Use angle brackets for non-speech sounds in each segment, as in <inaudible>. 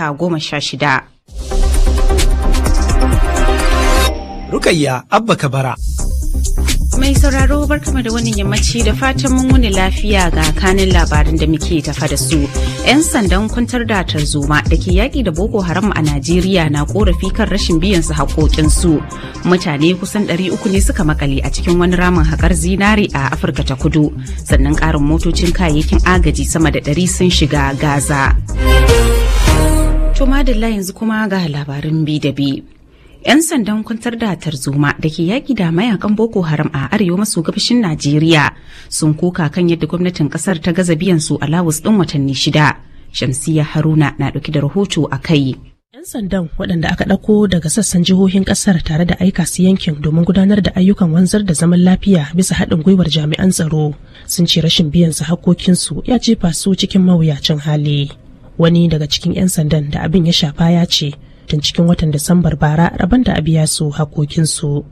ta goma sha shida. Rukayya Abba Kabara Mai sauraro barkama da wani yammaci da fatan mun wuni lafiya ga kanin labarin da muke tafa da su. 'Yan sandan kwantar da tarzoma da ke yaƙi da Boko Haram a Najeriya na korafi kan rashin biyan su su Mutane kusan 300 ne suka makale a cikin wani ramin haƙar zinare a Afirka ta kudu. Sannan ƙarin motocin kayayyakin agaji sama da ɗari sun shiga Gaza. To madalla yanzu kuma ga labarin bi da bi. 'Yan sandan kwantar da tarzoma da ke yaƙi da mayakan Boko Haram a arewa maso gabashin Najeriya sun koka kan yadda gwamnatin ƙasar ta gaza biyan su lawus ɗin watanni shida. shamsiyya Haruna na ɗauki da rahoto a kai. 'Yan sandan waɗanda aka ɗauko daga sassan jihohin ƙasar tare da aika su yankin domin gudanar da ayyukan wanzar da zaman lafiya bisa haɗin gwiwar jami'an tsaro sun ce rashin biyan su su ya jefa su cikin mawuyacin hali. wani daga cikin 'yan sandan da abin ya shafa ya ce tun cikin watan Disambar bara rabon da a biya su hakokinsu.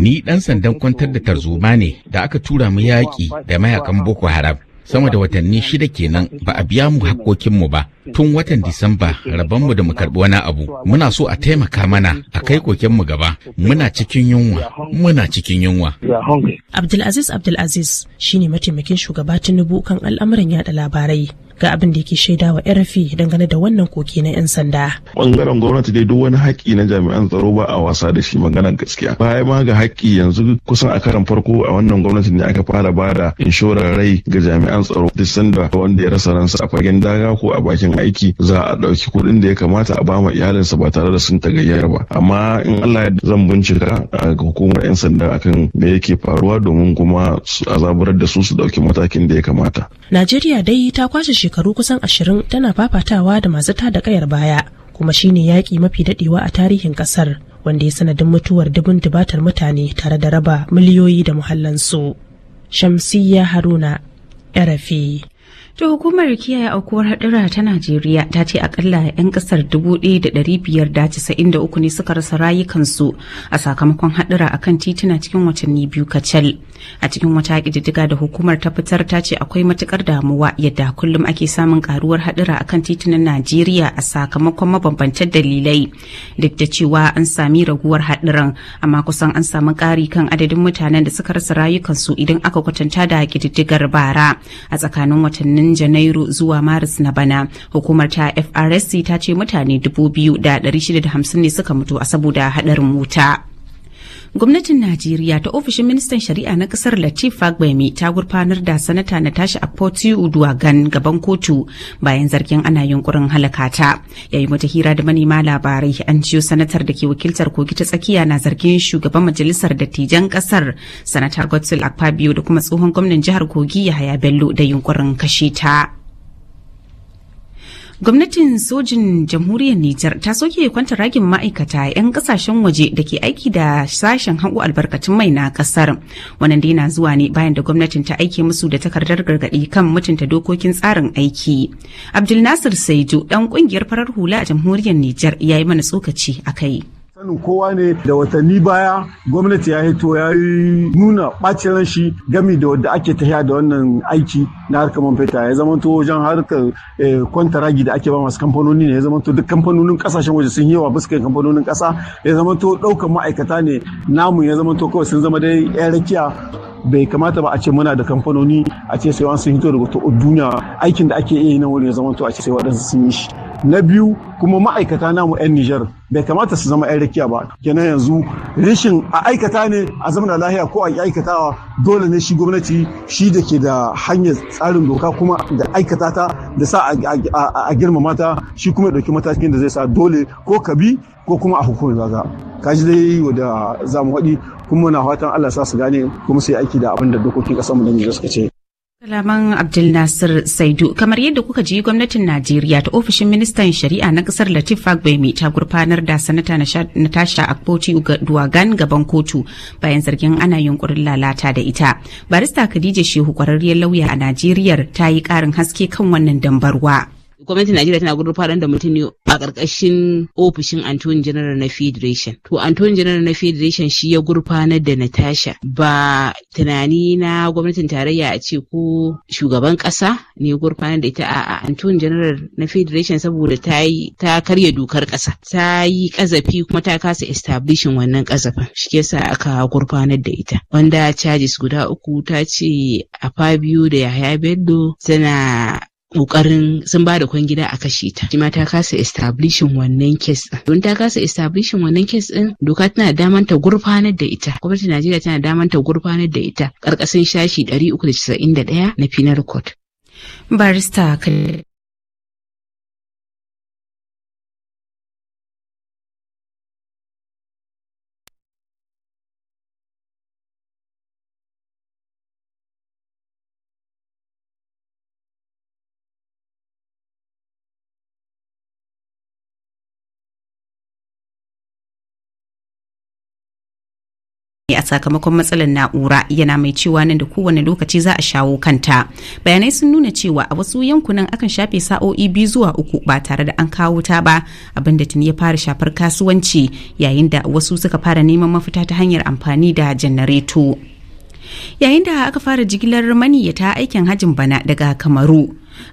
Ni ɗan sandan kwantar da tarzoma ne da aka tura mu yaƙi da mayakan Boko Haram sama da watanni shida kenan ba a biya mu hakokinmu ba. tun watan Disamba rabonmu da mu karbi wani abu. Muna so a taimaka mana a kai kokenmu gaba. Muna cikin yunwa. Muna cikin yunwa. Abdulaziz Abdulaziz shine mataimakin shugaba Tinubu kan al'amuran yada labarai. ga abin da yake shaida wa rfi dangane da wannan koke na 'yan sanda. Bangaren gwamnati dai duk wani haƙƙi na jami'an tsaro ba a wasa da shi maganar gaskiya. Baya ma ga haƙƙi yanzu kusan a karan farko a wannan gwamnati ne aka fara ba da inshorar rai ga jami'an tsaro duk sanda wanda ya rasa ransa a fagen daga ko a bakin aiki za a ɗauki kuɗin da ya kamata a bama iyalinsa ba tare da sun tagayyar ba amma in Allah ya zan bincika a hukumar 'yan sanda akan me yake faruwa domin kuma a zaburar da su su ɗauki matakin da ya kamata. Najeriya dai ta kwashe shekaru kusan ashirin tana fafatawa da masu ta da kayar baya kuma shine yaƙi mafi daɗewa a tarihin ƙasar wanda ya sanadin mutuwar dubun dubatar mutane tare da raba miliyoyi da muhallansu. Shamsiyya Haruna, RFI. To hukumar kiyaye aukuwar hadura ta najeriya ta ce akalla 'yan kasar uku ne suka rasa rayukansu a sakamakon hadura akan tituna cikin watanni biyu kacal a cikin wata ƙididdiga da hukumar ta fitar ta ce akwai matukar damuwa yadda kullum ake samun karuwar hadura akan titunan najeriya a sakamakon mabambantan dalilai duk da cewa an sami raguwar hadiran amma kusan an samu ƙari kan adadin mutanen da suka rasa rayukansu idan aka kwatanta da ƙididdigar bara a tsakanin watannin janairu zuwa maris na bana hukumar ta frsc ta ce mutane 2,650 ne suka mutu a saboda haɗarin mota. Gwamnatin Najeriya ta ofishin ministan shari'a na kasar Latif Fagbemi ta gurfanar da sanata na tashi a Akpoti Uduagan gaban kotu bayan zargin ana yunkurin halaka ta. Yayi wata hira da manema labarai an ciyo sanatar da ke wakiltar kogi ta tsakiya na zargin shugaban majalisar dattijan kasar sanatar Godswill Akpabio da kuma tsohon gwamnan jihar Kogi Yahaya Bello da yunkurin kashe ta. Gwamnatin sojin jamhuriyar Nijar ta soke kwanta ragin ma'aikata 'yan kasashen waje da ke aiki da sashen hagu albarkatun mai na kasar. Wannan dai na zuwa ne bayan da gwamnatin ta aike musu da takardar gargaɗi kan mutunta dokokin tsarin aiki. Abdul Nasir Saidu ɗan ƙungiyar farar hula a jamhuriyar Nijar ya yi mana tsokaci a kai. sanin kowa ne da watanni baya gwamnati ya hito ya yi nuna ɓacin ran shi gami da wadda ake tafiya da wannan aiki na harkar man fetur ya zama to wajen harkar eh, kwantaragi da ake ba masu kamfanoni ne ya zama to duk kamfanonin kasashen waje sun yi wa buskan kamfanonin kasa ya zama to ɗaukar ma'aikata ne namu ya zama to kawai sun zama dai yan rakiya bai kamata ba a ce muna da kamfanoni a ce sai sun hito daga duniya aikin da ake iya yi na wuri ya zama a ce sai waɗansu sun yi shi na biyu kuma ma'aikata namu 'yan Nijar bai kamata su zama 'yan rakiya ba kenan yanzu Rishin a aikata ne a zamanin lahiya ko a aikatawa dole ne shi gwamnati shi da ke da hanyar tsarin doka kuma da aikata ta da sa a girmama ta shi kuma ɗauki matakin da zai sa dole ko ka bi ko kuma a hukumar zaga kaji dai da za haɗi kun muna fatan Allah sa su gane kuma su yi aiki da abin da dokokin ƙasar mu da suka ce Kalaman Abdul Nasir Saidu kamar yadda kuka ji gwamnatin Najeriya ta ofishin ministan shari'a na kasar Latif Fagbemi ta gurfanar da sanata Natasha Akpoti gan gaban kotu bayan zargin ana yunkurin lalata da ita. Barista Khadija Shehu kwararriyar lauya a Najeriya ta yi karin haske kan wannan dambarwa. gwamnatin Najeriya tana faran da mutum ne a ƙarƙashin ofishin Antony General na Federation. To Antony General na Federation shi ya gurfanar da Natasha ba tunani na gwamnatin tarayya a ce ko shugaban ƙasa ne gurfanar da ita a Antony General na Federation saboda ta yi ta karya dokar ƙasa. Ta yi ƙazafi kuma ta kasa establishing wannan ƙazafin. Shi ke sa aka gurfanar da ita. Wanda charges guda uku ta ce a Fabio da Yahaya Bello tana kokarin sun ba da gida a kashe ta shi ta kasa establishing wannan kes din don ta kasa establishing wannan kes din doka tana da daman ta gurfanar da ita gwamnatin Najeriya tana da daman ta gurfanar da ita karkashin shashi 391 na penal code barista ne a sakamakon matsalar na'ura yana mai cewa nan da kowane lokaci za a shawo kanta bayanai sun nuna cewa a wasu yankunan akan shafe sa'o'i biyu zuwa uku ba tare da an kawo ta ba abinda tuni ya fara shafar kasuwanci yayin da wasu suka fara neman mafita ta hanyar amfani da janareto yayin da aka fara jigilar maniyyata aikin hajin bana daga kamaru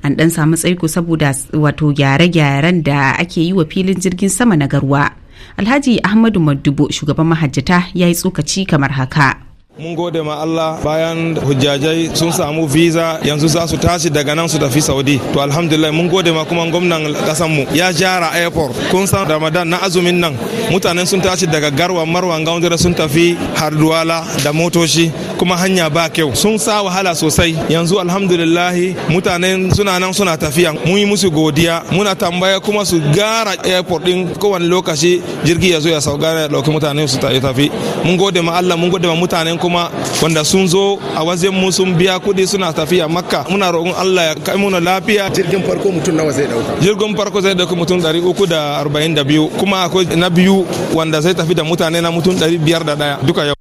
an dan samu tsaiko saboda wato gyare-gyaren da ake yi wa filin jirgin sama na garwa Alhaji Ahmadu Maddubo shugaban mahajjata ya yi tsokaci kamar haka. Mun gode ma Allah bayan hujjajai sun samu visa yanzu za su tashi daga nan su tafi Saudi. To alhamdulillah mun gode ma kuma gwamnan kasan mu ya jara airport. Kun san Ramadan na azumin nan mutanen sun tashi daga Garwa Marwa Gaundare sun tafi Harduwala da motoci kuma hanya ba kyau. Sun sa wahala sosai. Yanzu alhamdulillah mutanen suna nan suna tafiya. Mun yi musu godiya muna tambaya kuma su gara airport din kowane lokaci jirgi ya zo ya sauka ya dauki mutanen su tafi. Mun gode ma Allah mun gode ma mutanen kuma wanda sun zo a wajen mu sun biya kuɗi suna tafiya makka muna roƙon allah ya kai muna lafiya jirgin farko mutum nawa zai dauka jirgin farko zai dauka mutum ɗari uku da arba'in da biyu kuma akwai na biyu wanda zai tafi da mutane na mutum ɗari biyar da ɗaya duka yau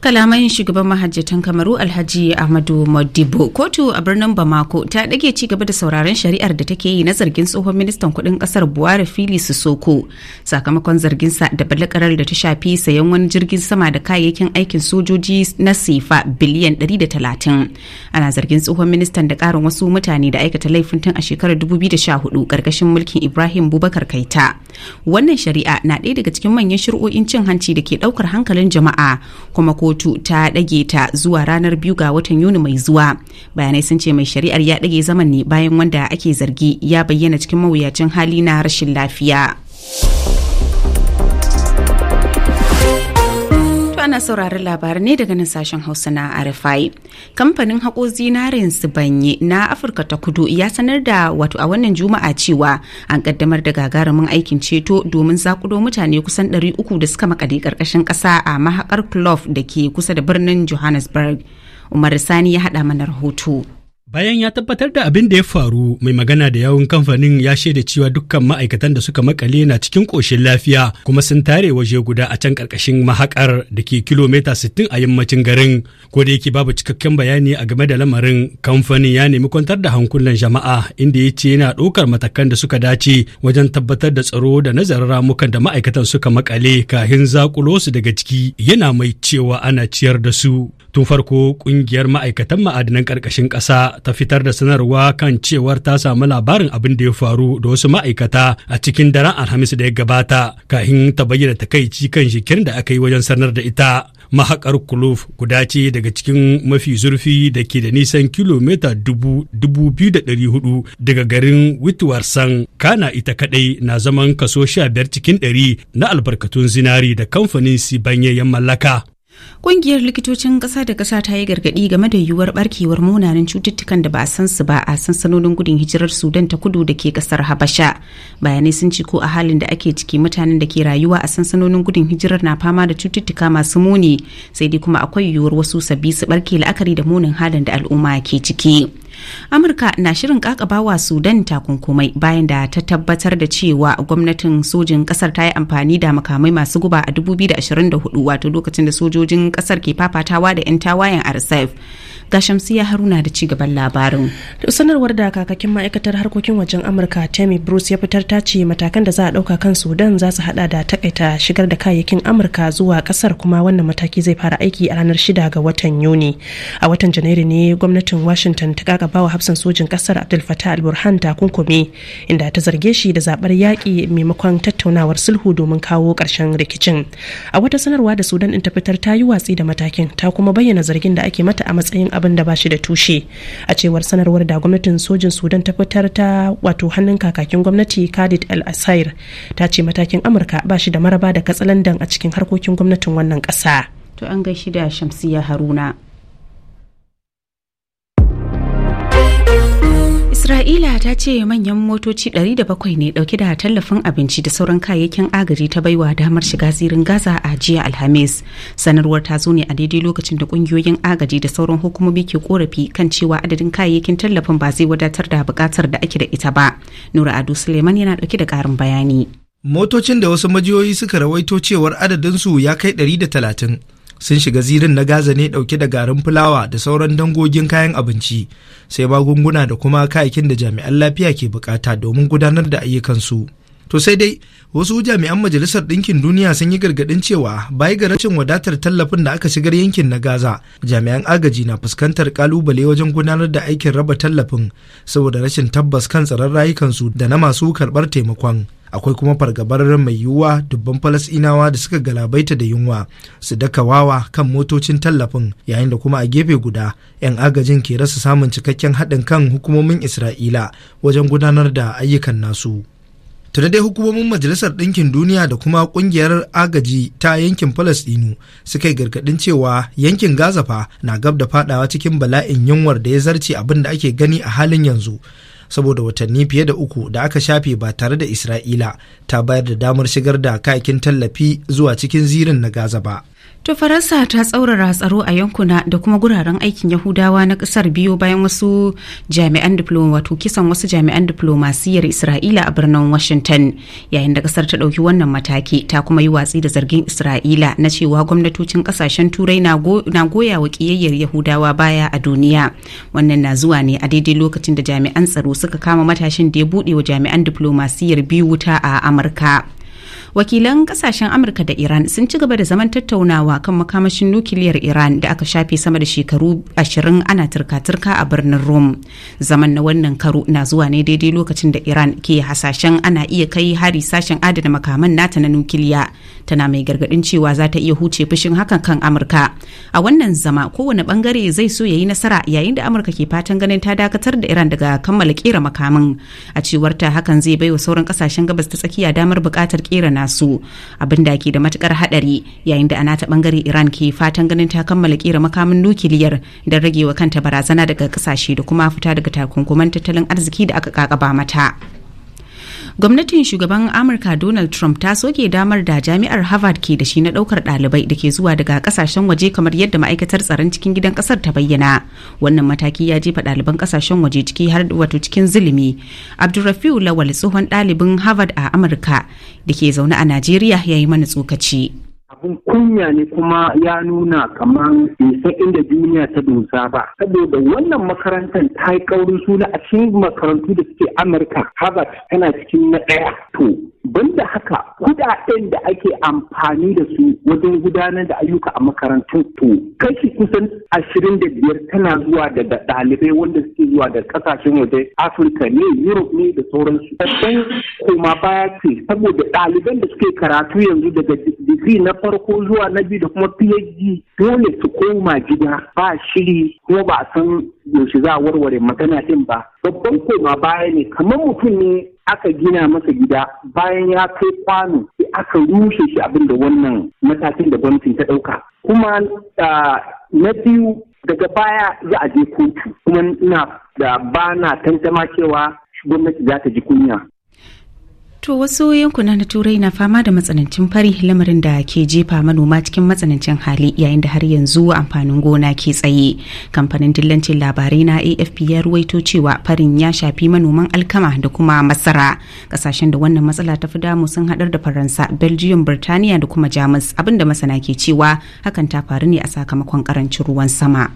kalaman shugaban mahajjatan kamaru alhaji ahmadu modibo kotu a birnin bamako ta dage ci gaba da sauraron shari'ar da take yi na zargin tsohon ministan kudin kasar buhari fili soko sakamakon zargin sa da balakarar da ta shafi sayan wani jirgin sama da kayayyakin aikin sojoji na sifa biliyan 130 ana zargin tsohon ministan da karin wasu mutane da aikata laifin tun a shekarar 2014 karkashin mulkin ibrahim bubakar kaita wannan shari'a na ɗaya daga cikin manyan shari'o'in cin hanci da ke ɗaukar hankalin jama'a kuma ko kotu ta ɗage ta zuwa ranar biyu ga watan Yuni mai zuwa. Bayanai sun ce mai shari'ar ya ɗage zaman ne bayan wanda ake zargi ya bayyana cikin mawuyacin hali na rashin lafiya. ana saurari labarai ne daga nan sashen Hausa na RFI. Kamfanin haƙo zinarin Sibanye na Afirka ta Kudu ya sanar da wato a wannan Juma'a cewa an kaddamar da gagarumin aikin ceto domin zakudo mutane kusan 300 da suka makale karkashin ƙasa a mahakar plof da ke kusa da birnin Johannesburg. Umar Sani ya haɗa mana rahoto. Bayan ya tabbatar da abin da ya faru, mai magana da yawun kamfanin ya shaida cewa dukkan ma'aikatan da suka makale na cikin ƙoshin lafiya kuma sun tare waje guda a can ƙarƙashin mahaƙar da ke kilomita 60 a yammacin garin. Ko da yake babu cikakken bayani a game da lamarin, kamfanin ya nemi kwantar da hankulan jama'a inda ya ce yana ɗaukar matakan da suka dace wajen tabbatar da tsaro da nazarin ramukan da ma'aikatan suka makale kafin zakulo su daga ciki yana mai cewa ana ciyar da su. Tun farko ƙungiyar ma'aikatan ma'adanan ƙarƙashin ƙasa ta fitar da sanarwa kan cewar ta samu labarin abin da ya faru da wasu ma'aikata a cikin daren Alhamis da ya gabata kafin ta bayyana takaici kan shikirin da aka yi wajen sanar da ita. Mahakar Kuluf guda ce daga cikin mafi zurfi da ke da nisan kilomita dubu da hudu daga garin Witwarsan kana ita kadai na zaman kaso sha biyar cikin ɗari na albarkatun zinari da kamfanin Sibanye ya mallaka. Ƙungiyar likitocin ƙasa da ƙasa ta yi gargaɗi game da yiwuwar barkewar munanan cututtukan da ba a san su ba a sansanonin gudun hijirar Sudan ta kudu da ke ƙasar Habasha. Bayanai sun ci ko a halin da ake ciki mutanen da ke rayuwa a sansanonin gudun hijirar na fama da cututtuka masu muni sai dai kuma akwai yiwuwar wasu sabbi su barke la'akari da munin halin da al'umma ke ciki. amurka na shirin kakabawa sudan takunkumai bayan da ta tabbatar da cewa gwamnatin sojin kasar ta yi amfani da makamai masu guba a 2024 wato lokacin da sojojin kasar ke fafatawa da 'yan tawayen rsf ga shamsiya haruna da cigaban labarin sanarwar da kakakin ma'aikatar harkokin wajen amurka tammy bruce ya fitar ta ce matakan da za a ɗauka kan sudan za su hada da takaita shigar da kayayyakin amurka zuwa kasar kuma wannan mataki zai fara aiki a ranar shida ga watan yuni a watan janairu ne gwamnatin washington ta kakaba bawa hafsan sojin kasar abdul fatah al-burhan takunkumi inda ta zarge shi da zabar yaƙi maimakon tattaunawar sulhu domin kawo ƙarshen rikicin a wata sanarwa da sudan ɗin ta fitar ta yi watsi da matakin ta kuma bayyana zargin da ake mata a matsayin abin da ba shi da tushe a cewar sanarwar da gwamnatin sojin sudan ta fitar ta wato hannun kakakin gwamnati khalid al asair ta ce matakin amurka bashi da maraba da katsalandan a cikin harkokin gwamnatin wannan kasa. to an gaishe da shamsiya haruna Isra'ila ta ce manyan motoci 700 ne dauke da tallafin abinci da sauran kayayyakin agaji ta baiwa damar shiga zirin Gaza a jiya Alhamis. Sanarwar ta zo ne a daidai lokacin da kungiyoyin agaji da sauran hukumomi ke korafi kan cewa adadin kayayyakin tallafin ba zai wadatar da bukatar da ake da ita ba. Nura adu Suleiman yana dauke da karin bayani. Motocin da wasu majiyoyi suka rawaito cewar adadinsu ya kai 130 sun shiga zirin na gaza ne dauke da garin fulawa da sauran dangogin kayan abinci sai magunguna da kuma kayakin da jami'an lafiya ke bukata domin gudanar da ayyukansu to sai dai wasu jami'an majalisar ɗinkin duniya sun yi gargaɗin cewa bayi ga rashin wadatar tallafin da aka shigar yankin na gaza jami'an agaji na fuskantar kalubale wajen gudanar da aikin raba tallafin saboda rashin tabbas kan tsaron rayukansu da na masu karɓar taimakon akwai kuma fargabar mai yiwuwa dubban falasinawa da suka galabaita da yunwa su daka wawa kan motocin tallafin yayin da kuma a gefe guda 'yan agajin ke rasa samun cikakken haɗin kan hukumomin isra'ila wajen gudanar da ayyukan nasu tuna dai hukumomin majalisar ɗinkin duniya da kuma ƙungiyar agaji ta yankin falasɗinu suka yi gargaɗin cewa yankin Gazafa na gab da fadawa cikin bala'in yunwar da ya zarce abin da ake gani a halin yanzu saboda watanni fiye da uku da aka shafe ba tare da isra'ila ta bayar da damar shigar da kayakin tallafi zuwa cikin zirin na gaza ba To Faransa ta tsaurara tsaro a yankuna da kuma guraren aikin Yahudawa na kasar biyu bayan wasu jami'an diploma wato kisan wasu jami'an diplomasiyar Isra'ila a birnin Washington yayin da kasar ta ɗauki wannan mataki ta kuma yi watsi da zargin Isra'ila na cewa gwamnatocin kasashen turai na goya wa kiyayyar Yahudawa baya a duniya. Wannan na zuwa ne a daidai lokacin da jami'an tsaro suka kama matashin da ya buɗe wa jami'an diplomasiyar biyu wuta a Amurka. wakilan kasashen amurka da iran sun ci gaba da zaman tattaunawa kan makamashin nukiliyar iran da aka shafe sama da shekaru ashirin ana turka-turka a birnin rome zaman na wannan karo na zuwa ne daidai lokacin da iran ke hasashen ana iya kai hari sashen adana makaman nata na nukiliya tana mai gargadin cewa za ta iya huce fushin hakan kan amurka a wannan zama kowane bangare zai so ya yi nasara yayin da amurka ke fatan ganin ta dakatar da iran daga kammala kera makaman a cewarta hakan zai baiwa sauran kasashen gabas ta tsakiya damar bukatar kera nasu gina su abin da ke da matukar hadari yayin da ana ta bangare iran ke fatan ganin ta kammala kera makamin nukiliyar don ragewa kanta barazana daga kasashe da kuma fita daga takunkuman tattalin arziki da aka kakaba mata gwamnatin shugaban amurka donald trump ta soke damar da jami'ar harvard ke da shi na daukar ɗalibai da ke zuwa daga kasashen waje kamar yadda ma'aikatar tsaron cikin gidan kasar ta bayyana wannan mataki ya jefa ɗaliban kasashen waje ciki har wato cikin zulumi abdulrafiu lawal tsohon ɗalibin harvard a amurka da ke zaune a najeriya ya yi mana tsokaci abun kunya ne kuma ya nuna kamar bai san inda duniya ta dosa ba saboda wannan makarantar ta yi kaurin suna a cikin makarantu da suke amurka harvard tana cikin na ɗaya to banda haka kudaden da ake amfani da su wajen gudanar da ayyuka a makarantun to kashi kusan ashirin da biyar tana zuwa daga ɗalibai wanda suke zuwa da kasashen waje afirka ne europe ne da sauransu babban koma baya ce saboda ɗaliban da suke karatu yanzu daga digiri na farko zuwa na biyu da kuma phd dole su koma gida ba shiri kuma ba san yaushe za a warware magana din ba babban koma baya ne kamar mutum ne aka gina masa gida bayan ya kai kwano sai aka rushe shi abin da wannan matakin da gwamnatin ta ɗauka. Kuma na biyu daga baya za a je kotu kuma ina da ba na tantama cewa gwamnati za ta ji kunya To wasu yankuna na turai na fama da matsanancin fari lamarin da ke jefa manoma cikin matsanancin hali yayin da har yanzu amfanin gona ke tsaye. Kamfanin dillancin labarai na AFP ya ruwaito cewa farin ya shafi manoman alkama da kuma masara. Kasashen da wannan matsala ta fi damu sun haɗar da Faransa, Belgium, Birtaniya da kuma Jamus abinda masana ke cewa hakan ta faru ne a sakamakon karancin ruwan sama.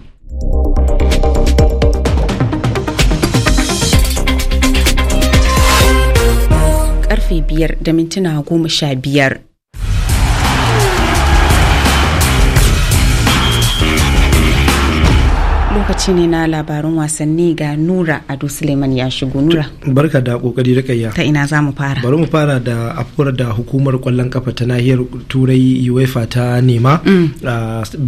karfe biyar da mintuna goma sha biyar. lokaci ne na labarun wasanni ga Nura Ado Suleiman ya shigo Nura. Barka da kokari da kayya. Ta ina zamu fara? Bari mu fara da afuwar da hukumar kwallon kafa ta nahiyar Turai UEFA ta nema mm.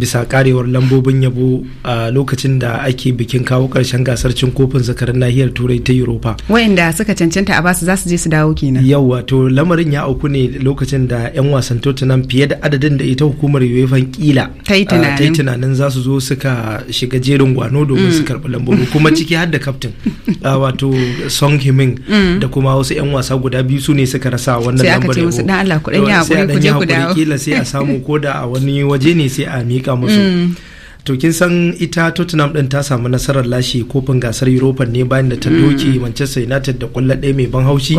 bisa karewar lambobin yabo a lokacin da ake bikin kawo karshen gasar cin kofin zakarin nahiyar Turai ta Europa. Wayanda suka cancanta a basu za su je su dawo kenan. Yawwa to lamarin ya auku ne lokacin da 'yan wasan Tottenham fiye da adadin da ita hukumar UEFA kila ta yi tunanin za su zo suka shiga jerin gwano Borno domin su mm. karɓi lambobi kuma ciki har da kaftin <laughs> ah, wato Song Hemin mm. da kuma wasu 'yan wasa guda biyu su ne suka rasa wannan lambar yabo. Sai aka ce musu dan Allah ku dan Sai a samu ko da a wani waje ne sai a mika musu. Mm. to kin san ita tottenham din ta samu nasarar lashe kofin gasar europa ne bayan da ta mm. doke manchester united da kwallo ɗaya mai ban haushi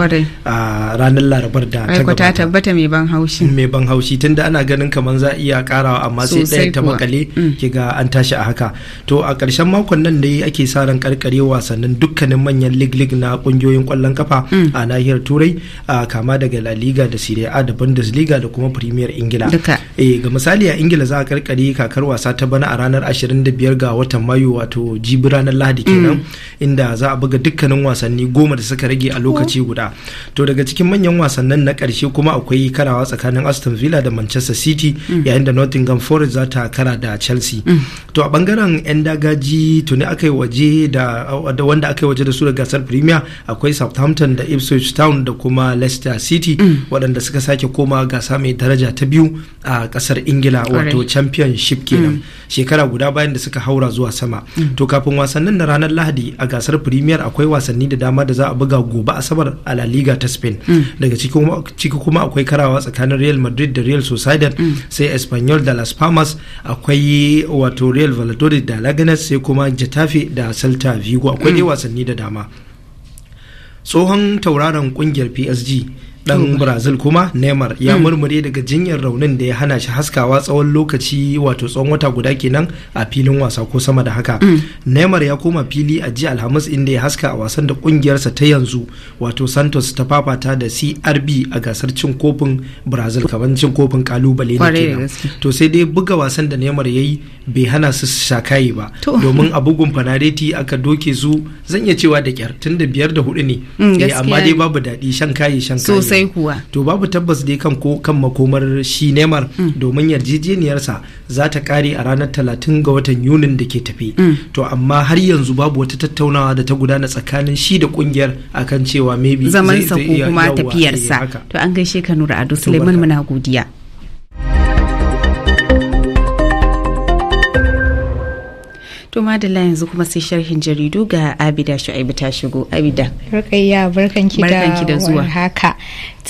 a ranar larabar da ta gabata ta tabbata mai ban haushi mai ban haushi tunda ana ganin kamar za iya karawa amma sai ɗaya ta makale mm. kiga an tashi a haka to a ƙarshen makon nan ne ake sa ran karkare wasannin dukkanin manyan lig lig na kungiyoyin kwallon kafa mm. a nahiyar turai kama daga la liga da serie a da bundesliga da kuma premier ingila eh ga misali a ingila za a karkare kakar wasa ta bana a ranar ranar 25 ga watan mayu wato jibi ranar lahadi kenan mm. inda za a buga dukkanin wasanni goma da suka rage a lokaci guda to daga cikin manyan wasannin na karshe kuma akwai karawa tsakanin aston villa da manchester city mm. yayin da nottingham forest za ta kara da chelsea mm. to a bangaren 'yan dagaji tuni aka yi waje da wanda aka yi waje da su da gasar premier akwai southampton da ipswich town da kuma leicester city waɗanda suka sake koma gasa mai daraja ta biyu a kasar ingila wato championship kenan shekara guda bayan da suka haura zuwa sama to kafin wasannin na ranar lahadi a gasar premier akwai wasanni da dama da za a buga gobe asabar a la liga ta spain mm. daga ciki kuma akwai karawa tsakanin real madrid da real sociedad mm. sai espanyol da las palmas akwai wato real valladolid da laganes sai kuma jatafe da celta vigo akwai dai mm. wasanni da dama tsohon tauraron kungiyar psg dan brazil kuma neymar ya hmm. murmure daga jinyar raunin da ya hana shi haskawa tsawon lokaci wato tsawon wata guda kenan a filin wasa ko sama da haka hmm. neymar ya koma fili a jiya alhamis inda ya haska a wasan da kungiyarsa ta yanzu wato santos ta fafata da crb a gasar cin kofin brazil kamar cin kofin kalubale ne kenan to sai dai buga wasan da neymar ya yi bai hana su shakaye ba domin a bugun fanareti aka doke su zan iya cewa da kyar tunda biyar da hudu ne hmm, eh, amma dai babu daɗi shan kaye shan kaye sosai kuwa to babu tabbas dai kan ko kan makomar shi nemar mm. domin yarjejeniyarsa za ta kare a ranar talatin ga watan Yunin da ke tafi mm. to amma har yanzu babu wata tattaunawa da ta gudana tsakanin shi da kungiyar akan cewa maybe zaman sa ko kuma tafiyarsa eh, to an gaishe ka Nura Ado Suleiman muna godiya to madalla yanzu kuma sai sharhin jaridu ga abida shu'aibu ta shigo abida rukayya barkanki da da zuwa haka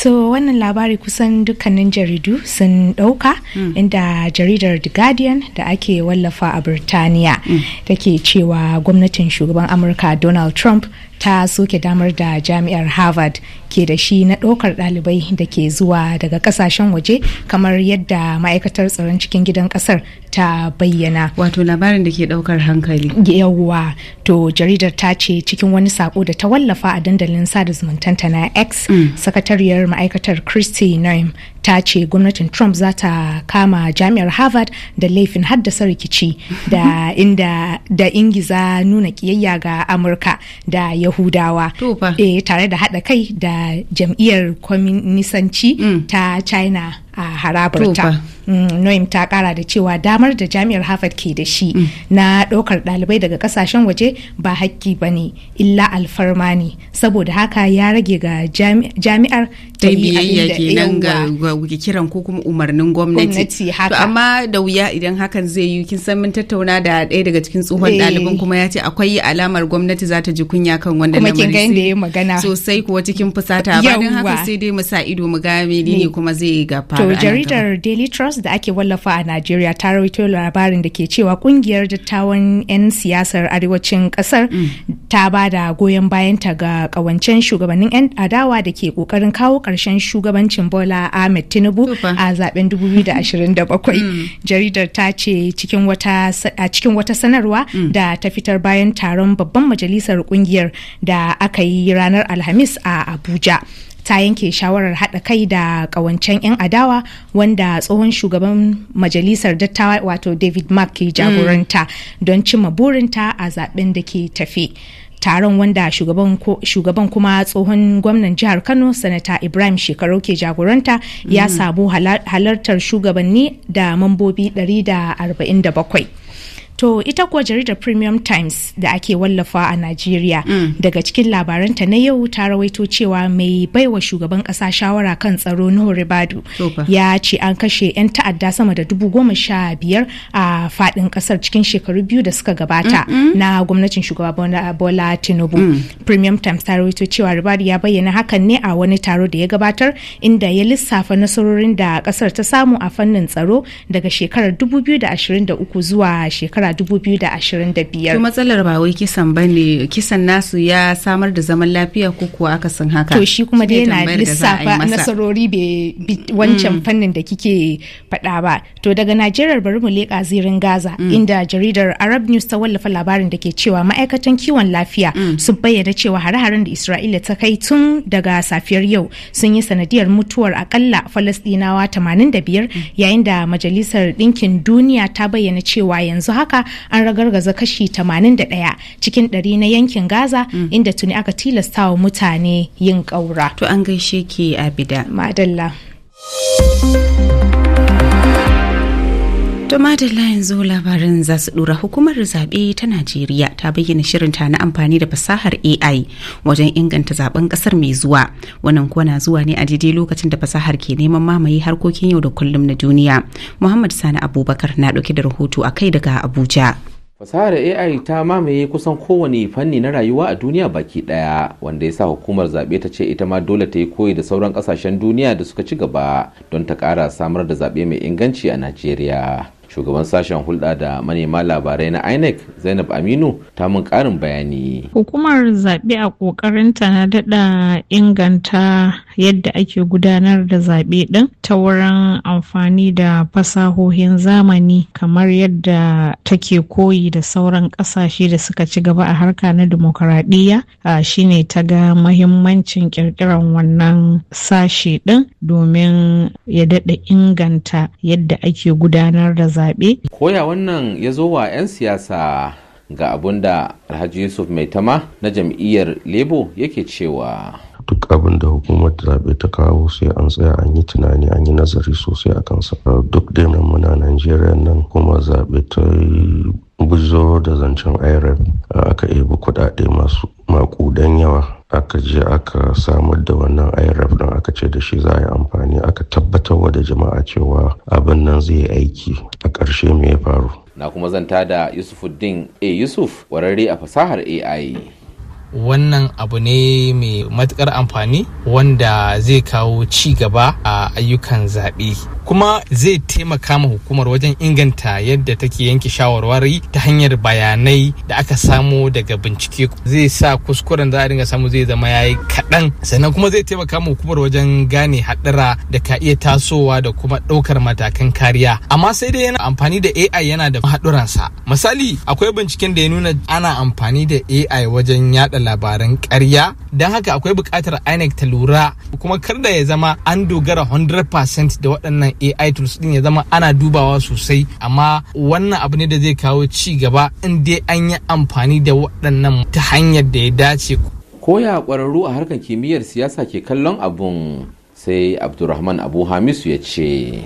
to wannan labari kusan dukkanin jaridu sun dauka mm. inda jaridar the guardian da ake wallafa a birtaniya mm. take cewa gwamnatin shugaban amurka donald trump ta soke damar da jami'ar harvard ke da shi na ɗaukar ɗalibai da ke zuwa daga ƙasashen waje kamar yadda ma'aikatar tsaron cikin gidan ƙasar ta bayyana wato labarin da ke ɗaukar hankali yawwa to jaridar ta ce cikin wani sako da ta wallafa a dandalin sada zumuntanta na x mm. sakatariyar ma'aikatar christy noem ta ce gwamnatin trump za ta kama jami'ar harvard da laifin haddasa rikici da <laughs> inda da ingiza nuna kiyayya ga amurka da yahudawa e, tare da hada kai da jam'iyyar kwaminisanci mm. ta china a harabarta mm, noem ta kara da cewa damar da jami'ar harvard ke da shi mm. na ɗaukar ɗalibai daga ƙasashen waje ba hakki ba ne illa alfarma ne saboda haka ya rage ga jami'ar ta biyayya kenan ga kiran ko kuma umarnin gwamnati to amma da wuya idan hakan zai yi kin san mun tattauna da ɗaya daga cikin tsohon eh. ɗaliban kuma ya ce akwai alamar gwamnati za ta ji kunya kan wanda na sosai kuwa cikin fusata ba don haka sai dai mu sa ido mu ga menene kuma zai gafa To jaridar Daily Trust da ake wallafa a Najeriya ta rawaito labarin da ke cewa kungiyar dattawan 'yan siyasar arewacin kasar mm. ta ba da goyon bayanta ga kawancen shugabannin 'yan adawa da ke kokarin kawo karshen shugabancin Bola Ahmed Tinubu a zaben 2027. Mm. Jaridar ta ce a cikin wata sanarwa mm. da ta fitar bayan taron babban majalisar kungiyar da aka yi ranar Alhamis a Abuja. ta yanke shawarar haɗa kai da ƙawancen 'yan adawa wanda tsohon shugaban majalisar dattawa wato david mark ke mm. jagoranta don cimma burinta a zaben da ke tafe taron wanda shugaban kuma tsohon gwamnan jihar kano sanata ibrahim shekaru ke jagoranta ya mm. samu halartar shugabanni da mambobi 147 To ita kuwa jaridar Premium Times da ake wallafa a Najeriya mm. daga cikin labaranta na yau ta rawaito cewa mai baiwa shugaban kasa shawara kan tsaro Nuhu Ribadu ya ce an kashe 'yan ta'adda sama da dubu goma sha biyar a fadin kasar cikin shekaru biyu da suka gabata mm -mm. na gwamnatin shugaba Bola Tinubu. Mm. Premium Times ta rawaito cewa Ribadu ya bayyana hakan ne a wani taro da ya gabatar inda ya lissafa nasarorin da kasar ta samu a fannin tsaro daga shekarar dubu biyu da da ashirin uku zuwa shekara. shekara 2025 matsalar ba wai kisan ba ne. kisan nasu ya samar da zaman lafiya ko kuwa akasin haka to shi kuma dai yana lissafa nasarori bai wancan mm. fannin da kike faɗa ba to daga Najeriya bari mu leƙa zirin Gaza mm. inda jaridar Arab News ta wallafa labarin da ke cewa ma'aikatan kiwon lafiya mm. sun bayyana cewa hare-haren da Isra'ila ta kai tun daga safiyar yau sun yi sanadiyar mutuwar akalla Falasɗinawa 85 yayin da Majalisar Ɗinkin Duniya ta bayyana cewa yanzu haka haka an ragargaza kashi 81 cikin ɗari na yankin Gaza mm. inda tuni aka tilasta wa mutane yin ƙaura. To an gaishe ki Abida. Madalla. da madalla yanzu labarin za su dura hukumar zaɓe ta Najeriya ta bayyana shirinta na amfani da fasahar AI wajen inganta zaben ƙasar mai zuwa. Wannan kuwa na zuwa ne a daidai lokacin da fasahar ke neman mamaye harkokin yau da kullum na duniya. Muhammad Sani Abubakar na ɗauke da rahoto a kai daga Abuja. Fasahar AI ta mamaye kusan kowane fanni na rayuwa a duniya baki ɗaya wanda ya sa hukumar zaɓe ta ce ita ma dole ta yi koyi da sauran ƙasashen duniya da suka ci gaba don ta ƙara samar da zaɓe mai inganci a Najeriya. shugaban sashen hulɗa da manema labarai na inec zainab aminu ta mun ƙarin bayani hukumar zaɓe a ƙoƙarinta na daɗa inganta yadda ake gudanar da zaɓe ɗin ta wurin amfani da fasahohin zamani kamar yadda take koyi da sauran ƙasashe da suka ci gaba a harka na dimokuraɗiyya shine ta ga mahimmancin ƙirƙiran wannan sashe ɗin domin ya daɗa inganta yadda ake gudanar da zaɓe zaɓe. Koya wannan ya zo wa 'yan siyasa ga abun da Alhaji Yusuf tama na jam'iyyar Lebo yake cewa. duk abin da hukumar zaɓe ta kawo sai an tsaya an yi tunani an yi nazari sosai a kansa duk da muna najeriya nan kuma zaɓe ta buzo da zancen irf aka ebi kuɗaɗe masu makudan yawa aka je aka samar da wannan irf don aka ce da shi za a yi amfani aka tabbatar wa da jama'a cewa abin nan zai aiki a ƙarshe me ya faru na kuma zanta da yusufuddin a yusuf wararre a fasahar ai wannan abu ne mai matukar amfani wanda zai kawo ci gaba a ayyukan zaɓe kuma zai taimaka ma hukumar wajen inganta yadda take yanke shawarwari ta hanyar bayanai da aka samo daga bincike zai sa kuskuren za a dinga samu zai zama yayi kaɗan sannan kuma zai taimaka ma hukumar wajen gane haɗura da ka iya tasowa da kuma ɗaukar matakan kariya amma sai dai yana amfani da AI yana da haɗuransa misali akwai binciken da ya nuna ana amfani da AI wajen yaɗa labaran ƙarya don haka akwai buƙatar inec ta lura kuma kar da ya zama an dogara 100% da waɗannan ai tools din ya zama ana dubawa sosai amma wannan abu ne da zai kawo ci gaba in dai an yi amfani da waɗannan ta hanyar da ya dace koya ƙwararru a harkar kimiyyar siyasa ke kallon abun sai abdulrahman abu hamisu ya ce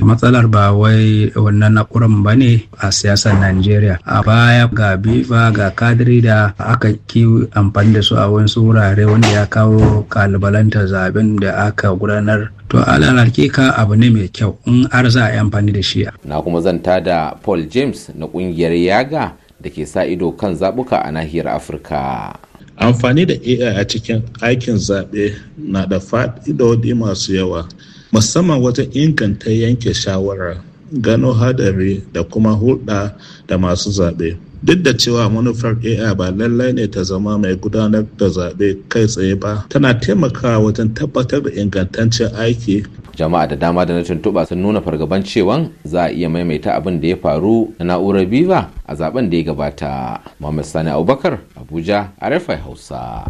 matsalar ba wai wannan ƙuran ba ne a siyasar najeriya a baya ga bifa ga kadiri da aka ki amfani da su a wasu wurare wanda ya kawo kalibalanta zaben da aka gudanar to alal hakika abu ne mai kyau in har za a yi amfani da shi na kuma zanta da paul james na kungiyar yaga da ke sa ido kan zabuka a nahiyar afirka amfani da ai a cikin aikin zaɓe na da faɗi masu yawa musamman wajen inganta yanke shawara gano hadari da kuma hulɗa da masu zaɓe duk da cewa manufar ai ba lallai ne ta zama mai gudanar da zaɓe kai tsaye ba tana taimakawa wajen tabbatar da ingantaccen aiki jama'a da dama da na tuntuɓa sun nuna fargaban cewan za a iya maimaita abin da ya faru na na'urar biva a zaben da ya gabata muhammad sani abubakar abuja a hausa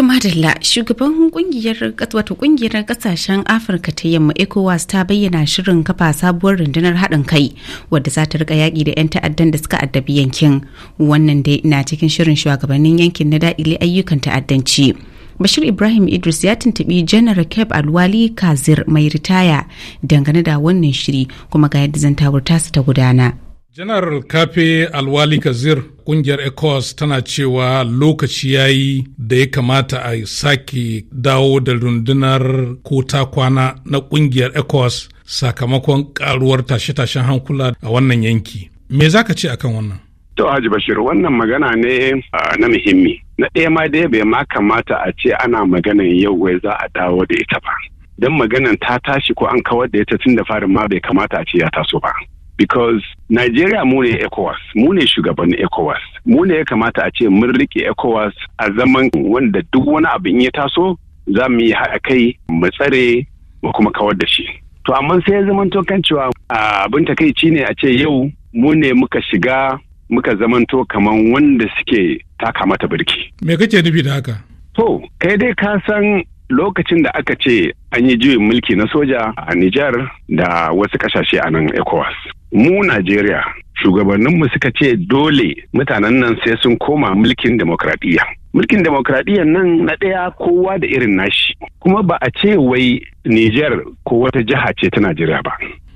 Madalla, shugaban kungiyar wato kungiyar kasashen Afirka ta yamma ECOWAS ta bayyana shirin kafa sabuwar rundunar haɗin kai wadda za ta rika yaƙi da 'yan ta'addan da suka addabi yankin. Wannan dai na cikin shirin shugabannin yankin na da'ile ayyukan ta'addanci. Bashir Ibrahim Idris ya tuntuɓi Janar Keb Alwali Kazir mai ritaya dangane da wannan shiri kuma ga yadda zantawar tasu ta gudana. Janar Kafe Alwali Kazir kungiyar ecos tana cewa lokaci ya yi da ya kamata a sake dawo da rundunar ko ta kwana na kungiyar ecos sakamakon karuwar tashe-tashen hankula a wannan yanki. Me za ka ce akan wannan? To Haji Bashir wannan magana ne na muhimmi. Na ɗaya ma dai bai ma kamata a ce ana maganan yau wai za a dawo da ita ba. Don maganan ta tashi ko an kawar da ita tun da farin ma bai kamata a ce ya taso ba. because Nigeria mu ne ECOWAS, mu ne shugabannin ECOWAS, mu ne ya kamata a ce mun rike ECOWAS a zaman wanda duk wani abin ya taso za mu yi haɗa kai mu tsare mu kuma kawar da shi. To amma sai ya zamanto kan cewa abin takaici ne a ce yau mu ne muka shiga muka zamanto kamar wanda suke taka mata birki. Me kake nufi da haka? To, kai dai ka san lokacin da aka ce an yi juyin mulki na soja a Nijar da wasu kasashe a nan ECOWAS. mu Najeriya shugabanninmu suka ce dole mutanen nan sai sun koma mulkin demokradiyya. Mulkin demokradiyyar nan na ɗaya kowa da irin nashi, kuma ba a ce wai Nijar ko wata jiha ce ta Najeriya ba.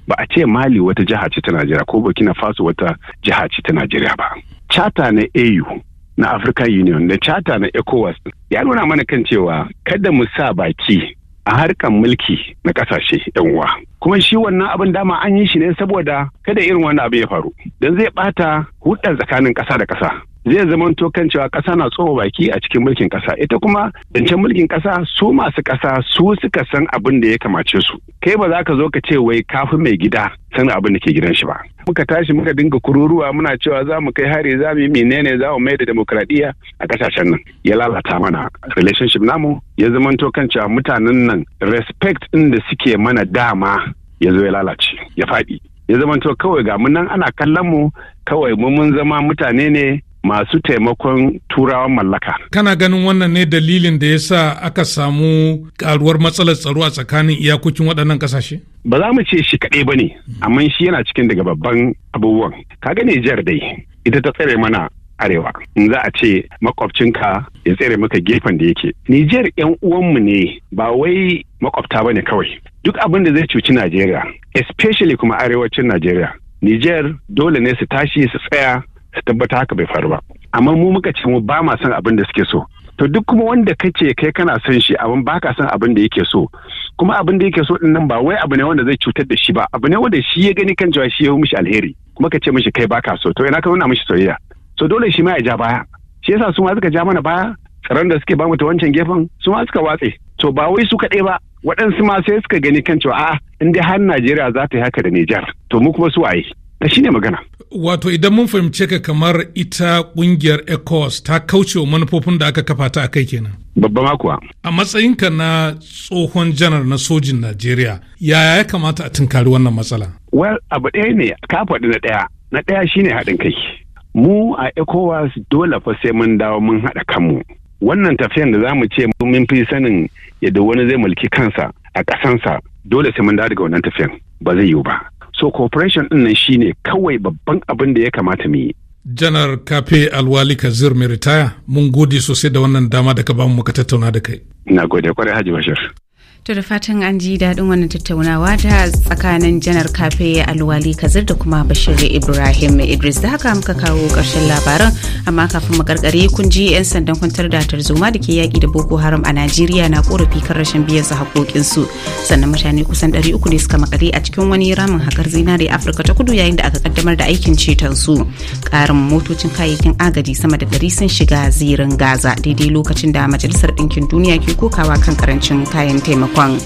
Ba a ce Mali wata jiha ce ta Najeriya ko Burkina Faso wata jiha ce ta Najeriya ba. Chata na AU na African Union da chata na ECOWAS ya nuna mana kan cewa kada mu sa baki a harkan mulki na kasashe yan uwa kuma shi wannan abin dama an yi shi ne saboda kada irin wani abu ya faru don zai bata hudar tsakanin kasa da kasa zai zama to kan cewa ƙasa na tsoma baki a cikin mulkin kasa ita kuma zancen mulkin kasa su masu kasa su suka san abin da ya kamace su kai ba za ka zo ka ce wai kafin mai gida san abin da ke gidan shi ba muka tashi muka dinga kururuwa muna cewa za mu kai hari za mu yi menene za mu maida da demokradiyya a kasashen nan ya lalata mana relationship namu ya to kan cewa mutanen nan respect din da suke mana dama ya zo ya lalace ya faɗi ya zamanto kawai ga mu nan ana kallon mu kawai mu mun zama mutane ne masu taimakon turawan mallaka. Kana ganin wannan ne dalilin da ya sa aka samu karuwar matsalar tsaro a tsakanin iyakokin waɗannan ƙasashe? Ba za mu ce shi kaɗai ba ne, amma shi yana cikin daga babban abubuwan. Ka gane jihar dai, ita ta tsare mana arewa in za a ce makwabcinka ya tsere maka gefen da yake Nijar yan uwanmu ne ba wai makwabta ba ne kawai duk abin da zai cuci Najeriya especially kuma arewacin Najeriya Nijar dole ne su tashi su tsaya su tabbata haka bai faru ba amma mu muka ce mu ba ma son abin da suke so to duk kuma wanda ka kace kai kana son shi abin ba ka son abin da yake so kuma abin da yake so din nan ba wai abu ne wanda zai cutar da shi ba abu ne wanda shi ya gani kan cewa shi ya yi mishi alheri kuma ka ce mishi kai baka so to ina ka nuna mishi soyayya so dole shi ma ya ja baya shi yasa su ma suka ja mana baya tsaron da suke ba mu ta wancan gefen su ma suka watse to ba wai su kaɗai ba waɗansu ma sai suka gani kan cewa A'a in dai har Najeriya za ta yi haka da Nijar to mu kuma su waye shi shine magana wato idan mun fahimce ka kamar ita kungiyar ecowas ta kauce wa manufofin da aka kafa ta a kai kenan babba makuwa a matsayinka na tsohon janar na sojin najeriya yaya ya kamata a tunkari wannan matsala well abu ɗaya ne ka faɗi na ɗaya na ɗaya shine haɗin kai mu a ecowas dole fa sai mun dawo mun haɗa kanmu wannan tafiyan da zamu ce mun fi sanin yadda wani zai mulki kansa a ƙasansa dole sai mun dawo daga wannan tafiyan ba zai yiwu ba so cooperation din nan shine kawai babban abin da ya kamata mu yi janar kafe alwali kazir mai ritaya mun gode sosai da wannan dama da ka bamu muka tattauna da kai na gode kwarai haji bashir To da fatan an ji daɗin wannan tattaunawa ta tsakanin janar kafe alwali kazir da kuma bashir ibrahim idris da haka muka kawo ƙarshen labaran amma kafin mu karkare kun ji 'yan sandan kwantar da tarzoma da ke yaƙi da boko haram a najeriya na ƙorafi kan rashin biyan su haƙoƙinsu sannan mutane kusan 300 ne suka makare a cikin wani ramin hakar zinare afirka ta kudu yayin da aka kaddamar da aikin ceton su ƙarin motocin kayayyakin agaji sama da 100 sun shiga zirin gaza daidai lokacin da majalisar ɗinkin duniya ke kokawa kan karancin kayan taimako 光。